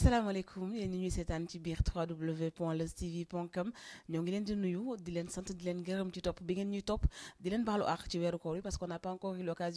asalaamaaleykum yéen ñi ñuy seetaan ci biir www.leuztv.com ñoo ngi leen di nuyu di leen sant di leen gërëm ci topp bi ngeen ñuy topp di leen baalu àq ci weeru koor yi parce qu'on n'a pas encore eu euh, a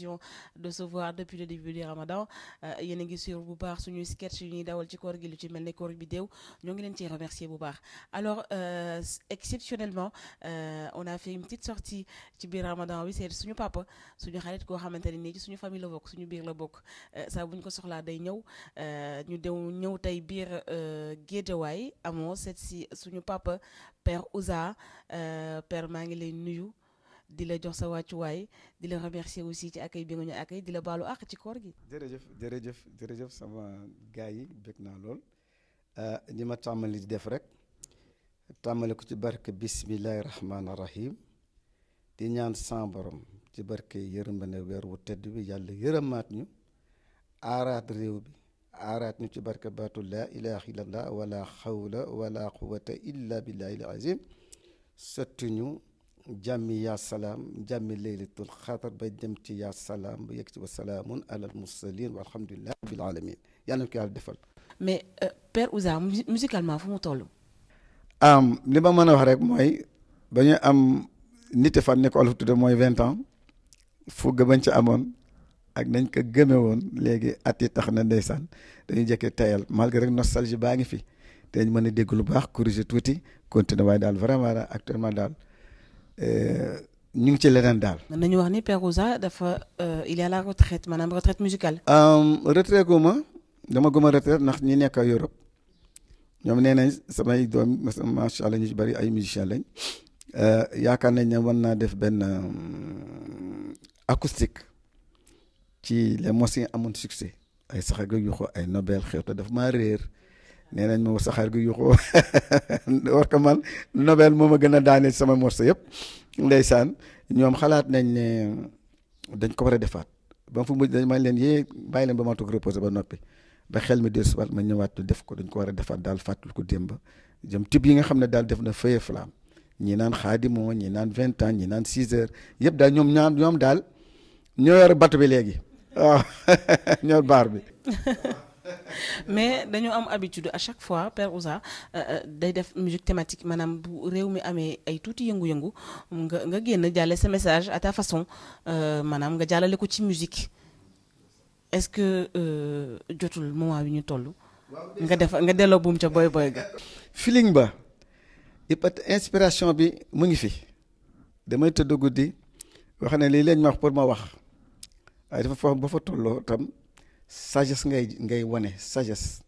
ngi suivre bu baax suñuy sketch yu ñuy dawal ci koor gi lu ci mel ne koor bi déew ñoo ngi leen ciy remercier bu baax alors euh, exceptionnellement euh, on a fait une petite sortie ci biir Ramadan bi c'est suñu papa suñu xarit koo xamante ne nii ci suñu famille la bokk suñu biir la bokk euh, saa bu ñu ko soxlaa day ñëw euh, ñu dew ñëw tey tey biir euh, Géejawaay amoo seet si suñu papa père Ouza euh, père maa ngi lay nuyu di la jox sa wàccuwaay di la remercier aussi ci accueil bi nga ñu accueil di la baalu àq ci koor gi. jërëjëf jërëjëf jërëjëf sama gars yi bég naa lool ñi euh, ma tàmmali di def rek tàmmali ko ci barke bismillahi rahmaani rahim di ñaan sans borom ci barke yërmande weer wu tedd bi yàlla yërëmaat ñu aaraat réew bi. aaraat ñu ci barka baatu laa ilaha illallah wala xawla wala quwata illa billahi il azim sotti ñu jàmmi ya salaam jàmmi leylatul xatar ba dem ci yaa salaam ba yekk ci wa salaamun alal mursalin walhamdulilah rabbil alamin yàlla na ko yàlla defal mais euh, Père Ouza musicalement fu mu toll am li ma mën a wax rek mooy ba ñu am nit fan ne ko olof tudde mooy vingt ans fu gëbañ ci amoon ak nañ ko gëme woon léegi at yi tax na ndeysaan dañuy jëkke tayal malgré rek nostalgie baa ngi fi dañ mën a dégg lu baax corriger tuuti continuer waaye daal vraiment daal actuellement daal euh, ñu ngi ci leneen daal. mën nañu wax ni Perouza dafa euh, il est à la retraite maanaam retraite musicale. Euh, retraite gu ma dama guma retraite ndax ñi nekk Europe ñoom nee nañ samay doom macha allah ñu ci bari ay musiciens lañ yaakaar nañ ne war naa def benn acoustique. ci les machines amoon succès ay saxaar ga yuxoo ay nobel xew def ma maa réer nee nañ ma saxaar ga yuxoo war man nobel moom ma gën a daane sama morceau yëpp saan ñoom xalaat nañ ne dañ ko war a defaat ba fu mujj dañ ma leen yee bàyyi leen ba ma toog ba noppi ba xel mi des waat ma ñëwaat def ko dañ ko war a defaat daal fàttali ko démb jëm tib yi nga xam ne daal def na feuille flamme ñi naan xaadimo ñi naan vingt ans ñi naan six heures yëpp daal ñoom ñaan ñoom daal ñoo yor bi léegi waaw ah, baar bi. mais dañoo am habitude à chaque fois Père Ouza euh, euh, day def musique thématique maanaam bu réew mi amee ay tuuti yëngu-yëngu nga nga génn jàlle sa message à ta façon euh, maanaam nga jàllale ko ci musique est-ce que jotul moment wi ñu toll. nga def nga delloo buum ca boy boy ga. feeling ba inspiration bi mu ngi fi damay tëdd guddi wax ne lii lañ ma wax pour ma wax. waaye dafa fa ba tam sagesse ngay ngay wane sagesse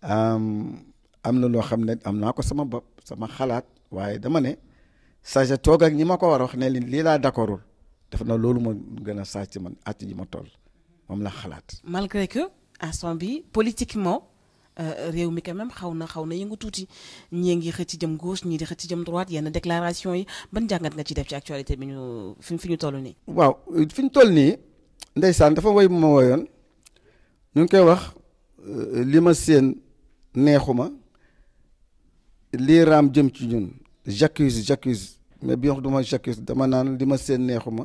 am na loo xam ne am naa ko sama bopp sama xalaat waaye dama ne sage toog ak ñi ma ko war a wax ne lii laa d'accordul def na loolu ma gën a sage ci man at yi ma toll moom la xalaat. malgré que instant bi politiquement. Euh, réew mi quand même xaw na xaw na yëngu tuuti ñii ngi xëcc jëm gauche ñii di xëcc jëm droite yenn déclaration yi ban jàngat nga ci def ci actualité bi ñu fi ñu toll nii. waaw fi ñu toll nii ndeysaan dafa woy bu ma woyoon ñu ngi koy wax euh, li ma seen neexuma lii raam jëm ci ñun j'accuse j'accuse mais bi wax duma j'accuse dama naan li ma seen neexuma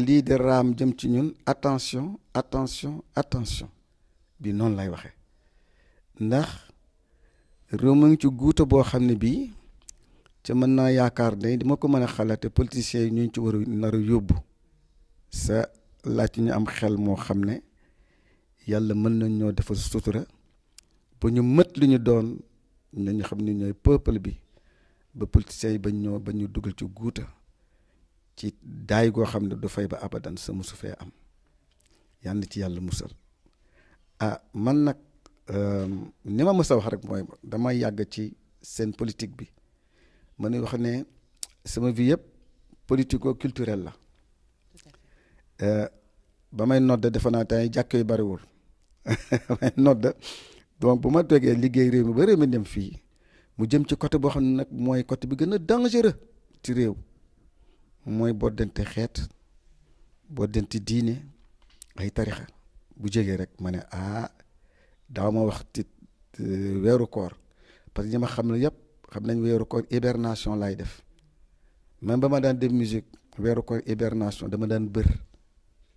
lii di raam jëm ci ñun attention attention attention bii noonu lay waxe ndax réew mi ngi ci guuta boo xam ne bii ca mën naa yaakaar ne dama ko mën a xalaate politiciens yi ñu ci war a nar a yóbbu sa laaj ñu am xel moo xam ne yàlla mën nañ ñoo defal sutura ba ñu mët li ñu doon nañu xam ni ñooy peuple bi ba politiciens bañ ñoo ba ñu dugal ci guuta ci daay goo xam ne du fay ba abadan sa musu fee am yal ci yàlla musal ah man nag euh, ni ma mës wax rek mooy dama yàgg ci seen politique bi ma nuy wax ne sama vie yëpp politico culturel la ba may nodde defe naa tey jàkk yu bariwul may nodde donc bu ma toogee liggéey réew mi ba réew mi dem fii mu jëm ci côté boo xam ne nag mooy côté bi gën a dangereux ci réew mooy boddante xeet boddante diine ay tarixa bu jegee rek ma ne ah daaw ma wax ci weeru koor parce que ñi xam ne yëpp xam nañ weeru koor hibernation laay def même ba ma daan def musique weeru koor hibernation dama daan bër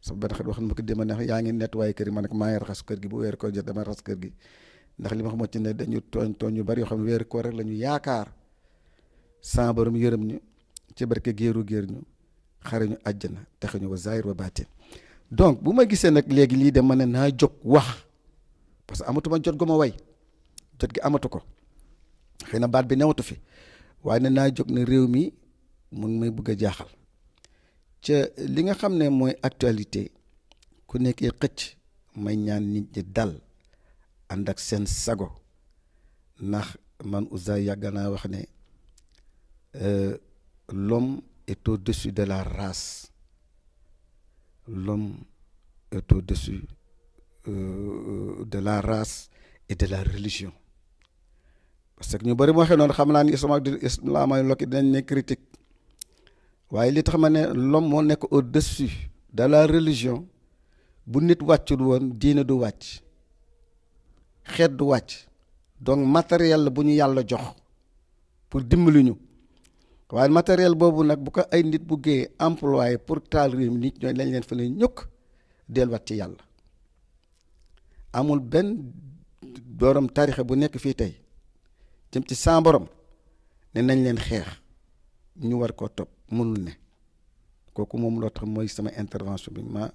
sama benn xarit wax na ma ko démb neex yaa ngi nettoyé kër yi ma ne ko maa ngi raxas kër gi bu weer koor jot dama raxas kër gi ndax li ma xamante ne dañu tooñ tooñ yu bari yoo xam ne weer koor rek la ñu yaakaar sa borom yërëm ñu ci barke géeru géer ñu xare ñu àjjana taxe ñu wa zahir wa baatin donc bu ma gisee nag léegi lii de ma ne naa jóg wax parce que amatuma jot gu ma way jot gi amatu ko xëy na baat bi newatu fi waaye ne naa jóg ne réew mi mu ngi bëgg a jaaxal ca li nga xam ne mooy actualité ku nekkee xëcc may ñaan ni dal ànd ak seen sago ndax man Ouzin yàgg naa wax ne euh, l'homme est au-dessus de la race l'homme est au-dessus euh, de la race et de la religion parce que ñu bëri mu waxee noonu xam naa ni islam islaamay lokki dinañ ne critique waaye li tax ma ne l'homme moo nekk au-dessus de la religion bu nit wàccul woon diine du wàcc xeet du wàcc donc matériel la bu ñu yàlla jox pour dimbali ñu waaye matériel boobu nag bu ko ay nit buggee employé pour taal réew nit ñooy lañ leen fa la ñukk delluwaat ci yàlla amul benn borom tarixa bu nekk fii tey jëm ci sans ne nañ leen xeex ñu war koo topp mënul ne kooku moom loo tax mooy sama intervention bi ma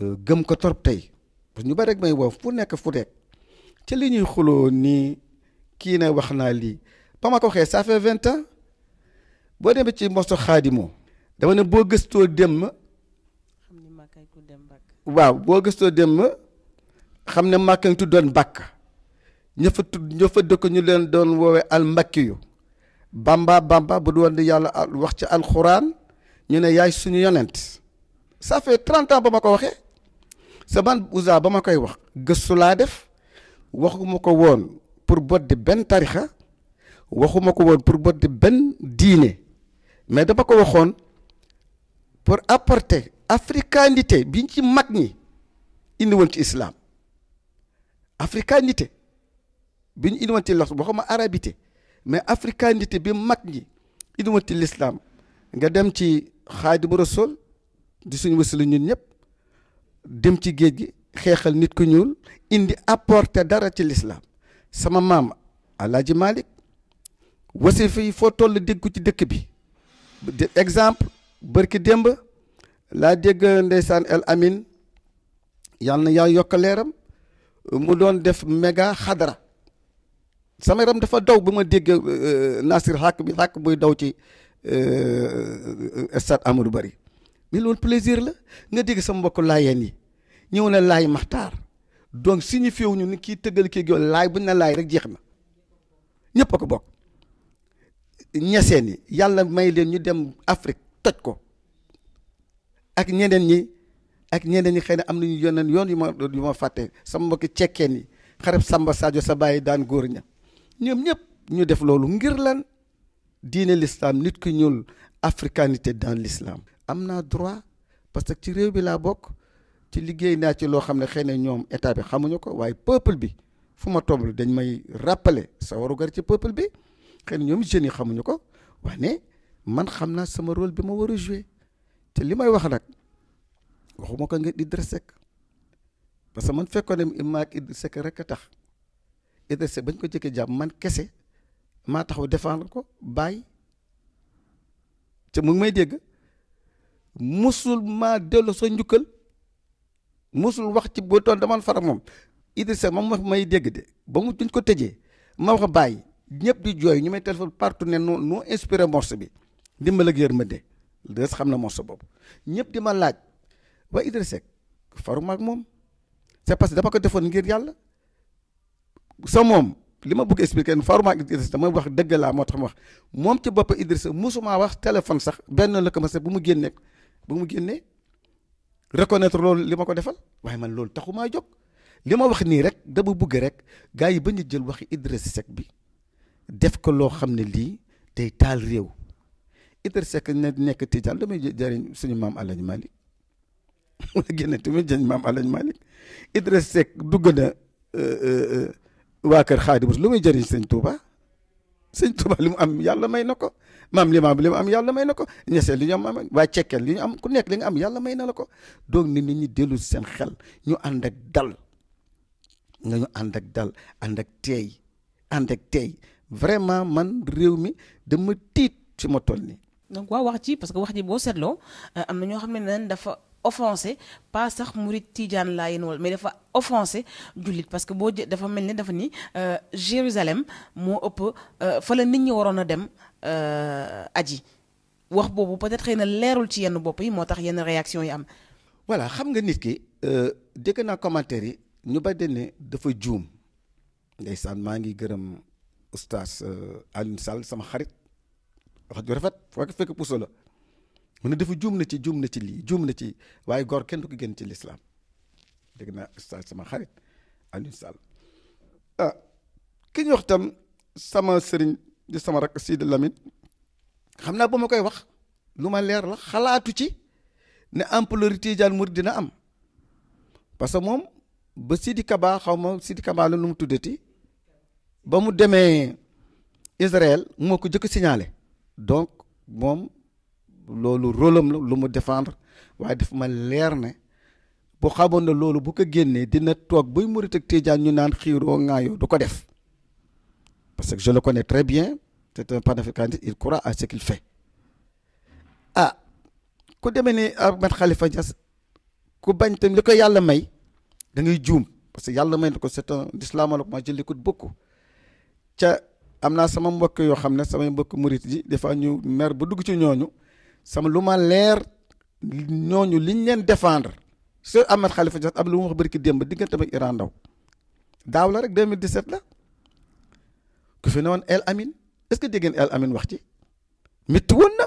euh, gëm ko torop tey parce ñu bari rek may woo fu nekk fu nekk ci li ñuy xuloo nii kii ne wax naa lii ba ma ko waxee ça vingt ans boo demee ci mosto xaadimoo dama ne boo gëstoo dem. waaw boo gëstoo dem xam ne màkk ñu tuddoon bàkk ña fa tudd ña fa dëkk ñu leen doon woowee al mbakki yu bamba bamba bu du woon di yàlla ah, wax ci alxuraan ñu ne yaay suñu yonent ça fait trente ba ma ko waxee sa man ba ma koy wax gëstu laa def waxuma ko woon pour bot benn tarixa waxuma ko woon pour bot di benn diine mais dafa ko waxoon pour apporter africanité biñ ci mag ñi indi woon ci islam africanité bi ñu indi woon ci lox waxuma arabité mais africanité bi mag ñi idumati l'islam nga dem ci xaadimu rasul di suñu wasila ñun ñëpp dem ci géej gi xeexal nit ku ñuul indi apporte dara ci l'islam sama maam alaaji Malick wasifa yi foo toll dégg ci dëkk bi exemple bërki démb laa dégg ndeysaan El Amin yàlla na yaa yokk leeram mu doon def méga xadara sama yaram dafa daw ba ma dégg euh, euh, Nasir xàkk bi xàkk buy daw ci euh, stade Amadou Barry mais loolu plaisir la nga dégg sama mbokk laayeen yi ñëw na laay maxtaar donc signifié wu ñu ni kii tëggal kii gi laay bu buñ na laay rek jeex na ñëpp a ko bokk ñeseen yi yàlla may leen ñu dem Afrique toj ko ak ñeneen ñi ak ñeneen ñi xëy na am nañu yeneen yoon yu ma yu fàtte sama mbokki cekkeen yi xarab Samba Sadio sa bàyyi daan góor ña ñoom ñëpp ñu def loolu ngir lan diine l'islam nit ku ñuul africanité dans l'islam am naa droit parce que ci réew bi laa bokk ci liggéey naa ci loo xam ne xëy na ñoom état bi xamuñu ko waaye peuple bi fu ma tomblu dañ may rappeler sa warugar ci peuple bi xëy ñoom jeunes yi xamuñu ko waaye man xam na sama rôle bi ma war a jouer te li may wax nag waxuma ko nga Idrissa Seck parce que man fekkoon ne Imaak Idrissa Seck rek a tax Idrissa bañ ko jëkkee jàpp man kese maa taxaw défendre ko baay te mu may dégg musul maa dellu sa njukkal musul wax ci boo doon dama faram moom Idrissa moom ma may dégg de ba mu duñ ko tëjee ma wax bàyyi ñëpp di jooy ñu may téléphone partout ne noo noo inspiré morse bi dimbal ak yërmande des xam na morceau boobu ñëpp di ma laaj waa Idrissa Seck faruma moom c'est parce que dama ko defoon ngir yàlla. sa moom li ma bëgg expliquer faruma ak Idrissa damay wax dëgg laa moo tax ma wax moom ci bopp Idrissa mosuma wax téléphone sax benn la ko ma bu bu mu génnee reconnaître loolu li ma ko defal waaye man loolu taxumaa jóg li ma wax nii rek dama bëgg rek gars yi bañ a jël waxi Idrissa sek bi def ko loo xam ne lii day taal réew Idrissa Seck na nekk Tijaan damay jëriñ suñu maam Alaaji Malick wala génne tamit jëriñ maam Alaaji Malick Idrissa Seck dugg na euh, euh, euh, waa kër Xaadimu lu muy jëriñ sëñ Touba sëñ Touba li mu am yàlla may na ko maam limaam li mu am yàlla may na ko ñeseel li am am waa cekkeel li am ku nekk li nga am yàlla may na la ko donc nit ñi dellu seen xel ñu ànd ak dal nga ñu ànd ak dal ànd ak teey ànd teey vraiment man réew mi dama tiit fi ma toll nii. donc waa wax ci parce que wax ji euh, am na ñoo xam ne dafa. offensé pas sax murit tiijaan laa yéen wal mais dafa offensé jullit parce que boo dafa mel ni dafa ni euh, Jérusalem moo ëpp euh, fa la nit ñi waroon a dem euh, aji wax boobu peut-être xëy na leerul ci yenn bopp yi moo tax yenn réaction yi am voilà xam nga nit ki dëkk naa commentaire yi ñu ba ne dafa juum ndeysaan maa ngi gërëm oustaz Alioune Sall sama xarit wax ju rafet foo ko fekk puso mu ne dafa juum na ci juum na ci lii juum na ci waaye góor kenn du ko génn ci lislaam dégg na ustaas sama xarit Alioune Sall ah ki ñu wax tam sama sëriñ sama rak Sidi Lamine xam naa ba ma koy wax lu ma leer la xalaatu ci ne ampleur tijaan murid dina am parce que moom ba Sidi Kaba xaw ma Sidi Kaba la nu mu ti ba mu demee Israël moo ko jëkk signalé donc moom loolu rôle am lu mu défendre waaye daf ma leer ne bu xamoon na loolu bu ko génnee dina toog buy murit ak tijaan ñu naan xiiroo ŋaayoo du ko def parce que je ko ne très bien c'est un panafricaniste il croit à ce qu'il fait ah ku demee ni Ahmed Khalifa Niass ku bañ tam li yàlla may da ngay juum parce que yàlla may na ko c'est un islamologue je l'écoute beaucoup ca am naa sama mbokk yoo xam ne samay mbokk murit ji des ñu mer ba dugg ci ñooñu sama lu ma leer ñooñu liñ leen défendre sëñ Ahmed Khalifa Niass am lu mu wax bërki démb diggante ak Iran Ndaw daaw la rek di 2017 la ku fi ne woon El Amin est-ce que dégg ngeen El Amin wax ci métti woon na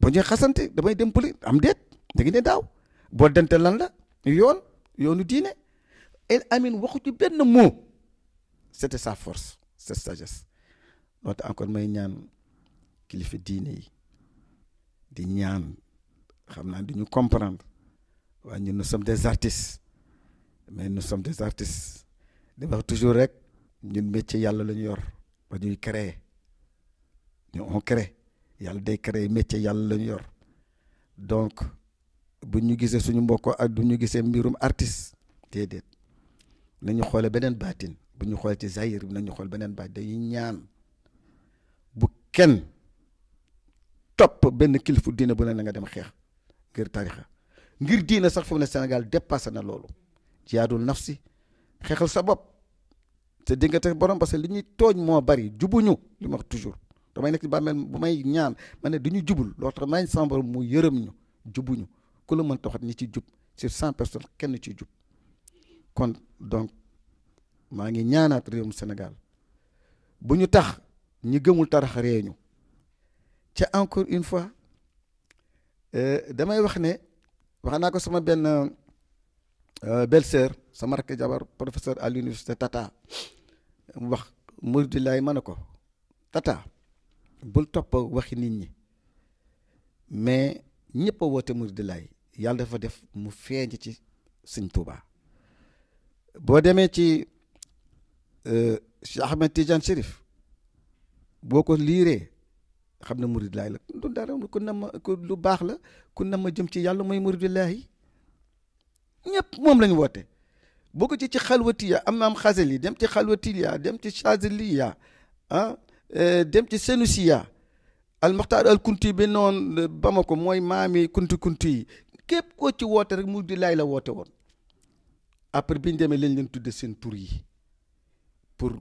bu xasante damay dem poli am déet dégg daaw boo dente lan la yoon yoonu diine El Amin waxu ci benn mot c'était sa force cette sagesse loolu encore may ñaan kilifa diine yi di ñaan xam naa di ñu comprendre waaye ñun nous sommes des artistes mais nous sommes des artistes di wax toujours rek ñu métier yàlla la ñu yor ba cre créer ñu on crée yàlla day créer métier yàlla la ñu yor donc bu ñu gisee suñu mbokko ak bu ñu gisee mbirum artiste na ñu xoolee beneen baatin bu ñu xoolee ci zahir bi nañu xool beneen baat dañuy ñaan bu kenn. topp benn kilifu diine bu ne na nga dem xeex ngir tarixa ngir diina sax fu mu ne Sénégal dépassé na loolu jihaadul nafsi xeexal sa bopp te di borom parce que li ñuy tooñ moo bari jubuñu li ma wax toujours damay nekk ci bàmmeel may ñaan ma ne du ñu jubul loolu tax maa ngi yërëm ñu jubuñu ku la mën taxat ñi ci jub sur cent personnes kenn ci jub kon donc maa ngi ñaanaat réewum Sénégal bu ñu tax ñi gëmul tarax réew ñu ca encore une fois euh, damay wax ne wax naa ko sama benn euh, belle sama rakk jabar professeur à l'université Tata mu wax Muridilaay ma ne ko Tata bul topp waxi nit ñi mais ñëpp a woote Muridilaay yàlla dafa def mu feeñ ci Sëñ Tuubaa boo demee ci euh, Cheikh Ahmed Tidiane Chérif boo ko liiree xam na murid laay la du dara ku nam ku lu baax la ku nam ma jëm ci yàlla mooy murid laahi ñëpp moom la ñu woote boo ko ci ci xalwatiya am am xasali dem ci xalwatiya dem ci chaziliya ah eh, dem ci senusiya al maxtaar al kunti bi noonu eh, Bamako mooy maami kunti kunti yi képp koo ci woote rek murid laay la woote woon après bi ñu demee lañ leen tudde seen tur yi pour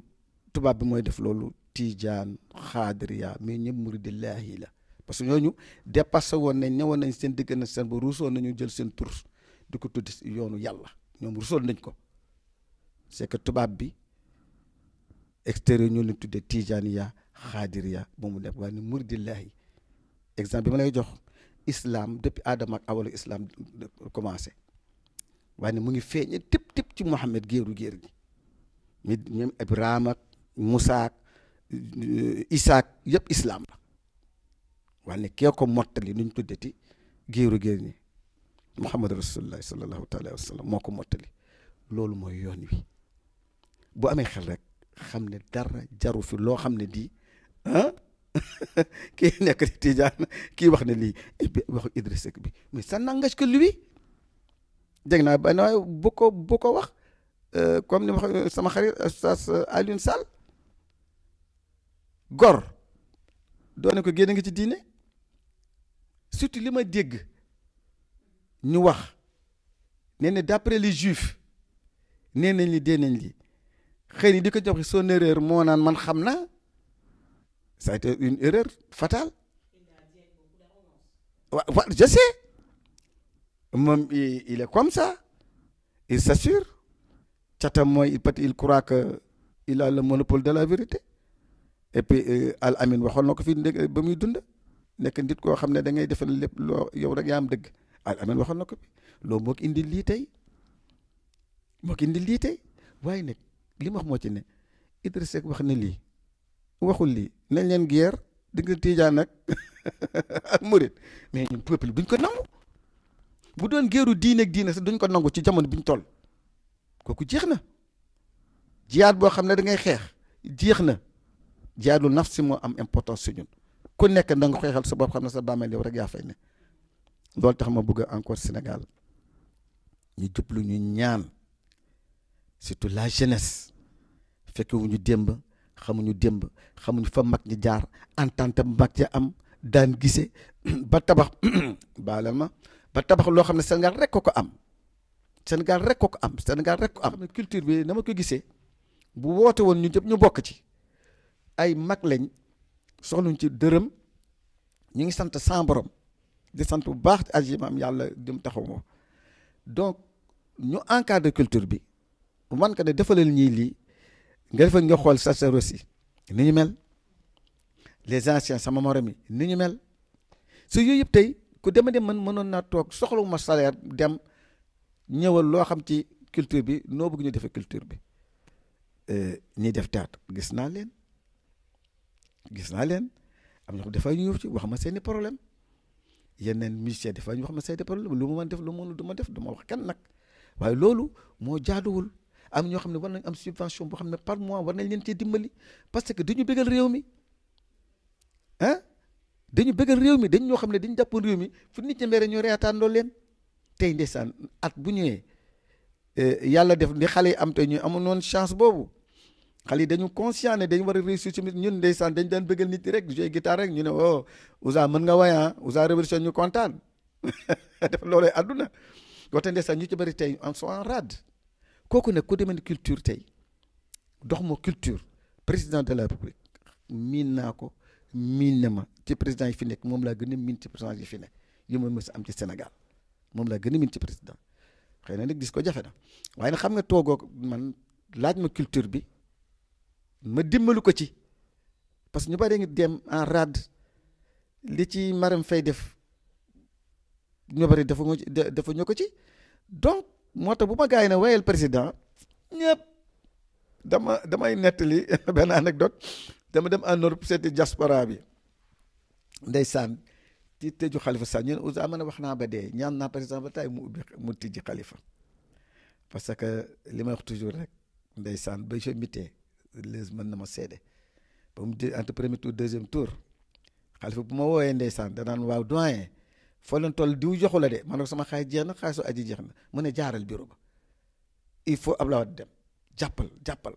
tubaab bi mooy def loolu tijaan xaadiriya mais ñëpp muridillahi la parce que ñooñu dépassé woon nañ ñëwoon nañ seen diggante seen ba ruusoon nañu jël seen tur di ko tudd yoonu yàlla ñoom ruusoon nañ ko c'est que tubaab bi extérieur ñoo leen tuddee tijaniya xaadiriya ba mu nekk waaye ni muridillahi exemple bi ma lay jox islam depuis Adama ak awalu islam commencé waane mu ngi feeñe tëp tëp ci Mouhamed géeru géer gi mi ñoom Ibrahima ak Euh, Isaak yëpp islaam la wànne kee ko mottali nuñ tuddati géeru géer ñi muhammadu rasulullah sallallahu taala wa sallam moo ko mottali loolu mooy yoon wi bu amee xel rek xam ne dara jaru fi loo xam ne di ah kii nekk di tijaan kii wax ne lii eh waxu Idriss Seck bi mais ça n'engage que lui dégg naa benn waaye bu euh, ni ma sama xarit Oustaz Alioune Sall gor doone ko génn nga ci diine surtout li ma dégg ñu wax nee na d'après les juifs nee nañ li dee li xëy ni di ko jox son erreur moo naan man xam na ça a été une erreur fatale waaw je sais moom il est comme ça il s'assure catam mooy peut il croit que il a le monopole de la vérité et puis euh, al amin waxoon na ko fii ba muy dund nekk ndit koo xam ne da ngay defal lépp loo yow rek yaa am dëgg al amin waxoon na ko fi loolu moo ko indi lii tey moo ko indi lii tey waaye nag li ma wax moo ci ne Idrissa Seck wax na lii waxul lii nañ leen guerre digg Tijaan nag ak murit mais ñun peuple duñ ko nangu bu doon géeru diine ak diine sax duñ ko nangu ci jamono biñ toll kooku jeex na jiyaat boo xam ne dangay xeex jeex na. jihaadul si moo am importance si ñun ku nekk da nga xeexal sa bopp xam ne sa bàmmeel yow rek yaa fay ne loolu tax ma bëgg encore Sénégal ñu jublu ñu ñaan surtout la jeunesse fekkewuñu démb xamuñu démb xamuñu fa mag ñi jaar entente mag ñi am daan gise ba tabax baalal ma ba tabax loo xam ne Sénégal rek ko ko am Sénégal rek ko ko am Sénégal rek ko am culture bi dama ko gisee bu woote woon ñu jëpp ñu bokk ci ay mag lañ soxluñ ci dërëm ñu ngi sant samborom borom di sant bu baax aji maam yàlla dim taxaw moo donc ñu encadre culture bi man ka ne defalal ñii lii nga defal nga xool sacerdoce yi ni ñu mel les anciens sama morom yi ni ñu mel su yooyu yëpp tey ku dema dem man mënoon naa toog ma salaire dem ñëwal loo xam ci culture bi noo bëgg ñu defee culture bi euh, ñiy def théâtre gis naa leen gis naa leen am na ko dafay ñu ñëw ci wax ma seeni problème yeneen musicien dafay ñu wax ma seeni problème lu ma mën def lu ma ma def du ma wax kenn nag waaye loolu moo jaaduwul am ñoo xam ne war nañ am subvention boo xam ne par mois war nañ leen cee dimbali parce que dañu bëggal réew mi ah dañu bëggal réew mi dañ ñoo xam ne dañu jàppoon réew mi fu nit ñi mere ñu reetaan leen tey ndeysaan at bu ñëwee eh, yàlla def ni xale yi am ñu amoon noon chance boobu xale yi dañu conscient ne dañu war a réussir ci ñun saan dañ daan bëggal nit rek jouer guitare rek ñu ne oh Ouza mën nga wayan ah? Ouza révolution ñu kontaan def loolee àdduna woote ndeysaan ñu ci bari tey en sont en rade kooku nag ku demee culture tey dox mu culture président de la république miin naa ko miin ne ma ci président yi fi nekk moom laa gën a miin ci président yi fi nekk yi ma mës am ci Sénégal moom laa gën a miin ci président xëy na nag gis ko jafe na waaye nag xam nga toogoo man laaj ma culture bi ma dimbalu ko ci parce que ñu bari ngi dem en rade li ci Marème Faye def ñoo bari dafa dafa ñoo ko ci donc moo tax bu ma gars yi ne wayel président ñëpp dama damay nettali benn anecdote dama dem en Europe seeti diaspora bi ndeysaan ci tëju xalifa sax ñun Ouza ma ne wax naa ba dee ñaan naa président ba taay mu ubbi mu tijji xalifa parce que li may wax toujours rek ndeysaan bay soo mitee les mën na ma seede ba mu jël entre premier tour deuxième tour xalifa bu ma wooyee ndeysaan danaan waaw doyen foo leen toll diw joxu la de man ko sama xaalis jeex na xaalisu aji jeex na mu ne jaaral bureau ba il faut Abdoulaye Wade dem jàppal jàppal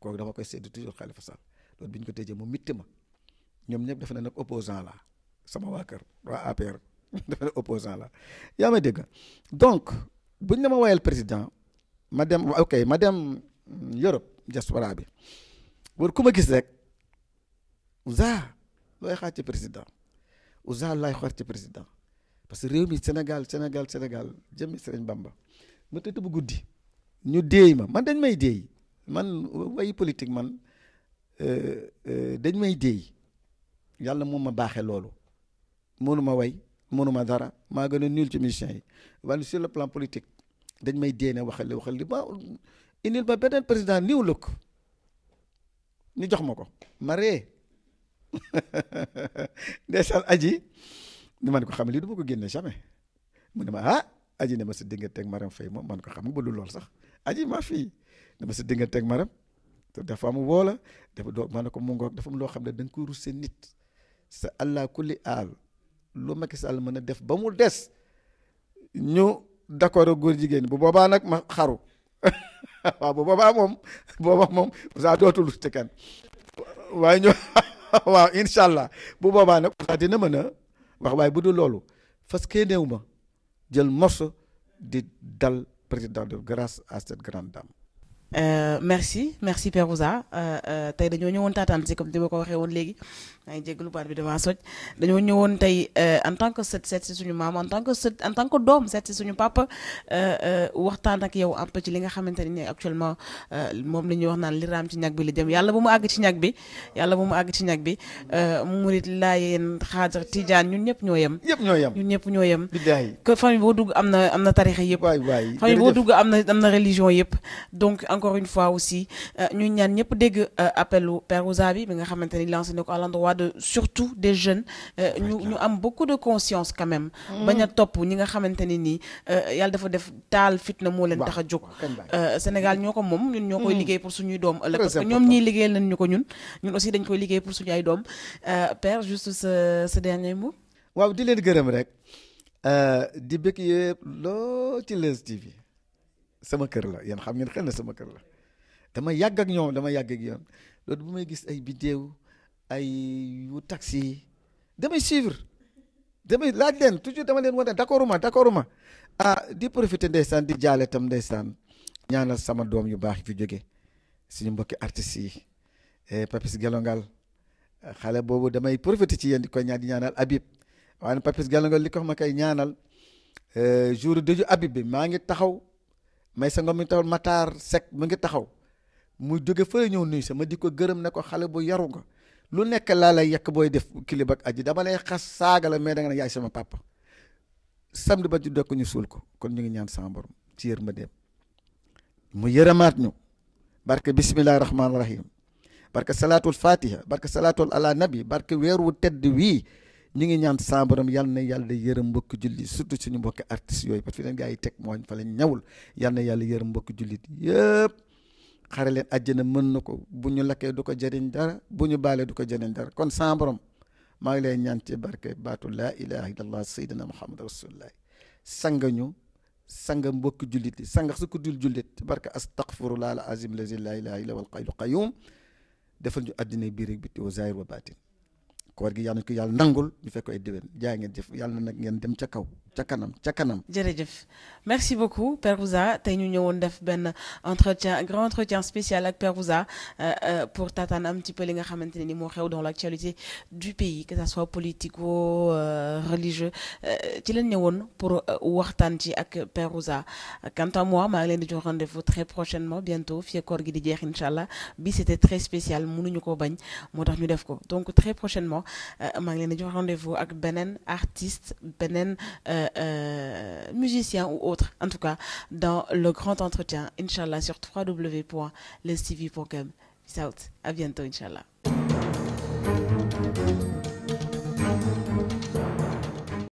kooku dama koy sédd toujours xalifa Sall loolu bi ñu ko tëjee mu mitti ma ñoom ñëpp dafa ne nag opposant la sama waa kër waa APR dafa ne opposant la yaa may dégg donc buñ la ma woyal président ma dem ok ma dem Europe diaspora bi war ku ma gis rek ouza looy xaar ci président ouza laay xaar ci président parce que réew mi Sénégal Sénégal Sénégal jëmmi Sëriñ Bamba ma tëdd bu guddi ñu déey ma man dañ may déey man way politique man euh, euh, dañ may déey yàlla moom ma baaxee loolu mënuma way mënuma dara maa gën a nul ci musiciens yi wala sur le plan politique dañ may déene waxal li waxal ba indil ba beneen président niw lëkk ñu jox ma ko ma ree ndeysaan aji ni man ko xam lii du ko génne jamais mu ne ma ah aji ne ma sa diggante ak maram fay moom man ko xam nga ba lu lool sax aji maa fii ne ma sa diggante ak maram te dafa woola def doo ma ne ko mu defam loo xam ne da nga koy russe nit sa allah kulli aal lu Macky Sall mën a def ba mu des ñu d'accord góor jigéen bu boobaa nag ma xaru waaw bu boobaa moom booba moom Moussa dootul ci kenn waaye ñu waaw incha allah bu boobaa nag Moussa dina mën a wax waaye bu dul loolu fas kee néew ma jël morso di dal président de grâce à cette dame Euh, merci merci Perouza euh, euh, tey dañoo ñëwoon taataan si comme ni ma ko waxee woon léegi maa ngi jéggalu baat bi damaa soj dañoo ñëwoon tey en tant que set seet si suñu maam en tant que sët en tant que doom seet si suñu papa waxtaan ak yow un ci li nga xamante ne actuellement moom la ñuy wax naan li raam ci ñag bi la jëm yàlla bu mu àgg ci ñag bi yàlla bu mu àgg ci ñag bi murit laayeen xaajar tijaan ñun ñëpp ñoo yem. ñëpp ñoo yem ñun ñëpp ñoo yem. biddaay que boo dugg am na am na tarixa yëpp. waay waay famille boo dugg yëpp encore une fois aussi euh, ñu ñaan ñëpp dégg euh, per Perouza bi bi nga xamante ni lancé na ko à l'endroit de surtout des jeunes euh, ñu ñu am beaucoup de conscience quand même mm. bañ topp ñi nga xamante ni nii yàlla dafa def taal fitna moo leen tax a jóg Sénégal ñoo ko moom ñun ñoo koy mm. liggéey pour suñuy doom ëllëg parce que ñoom ñiy liggéeyal nañ ko ñun ñun aussi dañ koy liggéey pour suñu ay doom père juste ce ce dernier mot waaw di leen gërëm rek di bëgg yëpp loo ci Leuz TV sama kër la yéen xam ngeen xel ne sama kër la dama yàgg ak ñoom dama yàgg ak yoon loolu bu may gis ay biddew ay yu taxi damay suivre damay laaj leen toujours dama leen wane d'accord ma d'accord ma ah di profiter ndeysaan di jaale itam ndeysaan ñaanal sama doom yu baax fi jóge suñu mbokki artistes yi eh, Papis Gelongal xale boobu damay profiter ci yéen di koy ñaan di ñaanal Habib waaye Papis Gelongal li ko ma koy ñaanal eh, jour dëju Habib bi maa ngi taxaw may sa ngoom mi taw Matar Seck mu ngi taxaw mu jóge fële ñëw nuyu sa ma di ko gërëm ne ko xale bu yaru nga lu nekk laa lay yekk booy def kilib ak aji dama lay xas saaga la mais da nga ne yaay sama papa samedi ba ci dokk ñu suul ko kon ñu ngi ñaan sama borom ci yër ma dem mu yërëmaat ñu barke bisimillahi rahmaani rahim barke salaatul fatiha barke salaatul ala nabi barke weer wu tedd wii ñu ngi ñaan saa borom yal na yàlla yërëm mbokk jullit surtout suñu mbokki artistes yooyu parce que leen gaa yi teg mooñ fa lañ yàlla yërëm mbokki jullit yëpp xare leen àjjana mën na ko bu ñu lakkee du ko jariñ dara bu ñu baalee du ko jëriñ dara kon saa maa ngi lay ñaan ci barke baatu laa ilaha illallah sayyidina muhammad rasulullah sanga ñu sanga mbokki jullit yi sanga su ko dul jullit barke astaghfirullah al azim lazi la ilaha illa wal qayyul qayyum defal ñu àddina biir ak biti wa zahir wa koor gi yàlla nañ ko yàlla nangul ñu fekk ay déwén jaay ngeen jëf yàlla na nag ngeen dem ca kaw ca kanam ca kanam. jërëjëf merci beaucoup Père Ouza tey ñu ñëwoon def benn entretien grand entretien spécial ak Père Ouza euh, euh, pour taataan un petit peu li nga xamante ne ni moo xew dans la actualité du pays que ça soit politico euh, religieux ci leen ñëwoon pour waxtaan ci ak Père Ouza quant à moi maa ngi leen di jox rendez très prochainement bientôt fii koor gi di jeex incha allah bi c' était très spécial mënuñu ko bañ moo tax ñu def ko donc très prochainement maa ngi leen di Euh, musicien ou autre, en tout cas, dans le grand entretien, Inch'Allah, sur www.lestv.com. Peace out. À bientôt, Inch'Allah.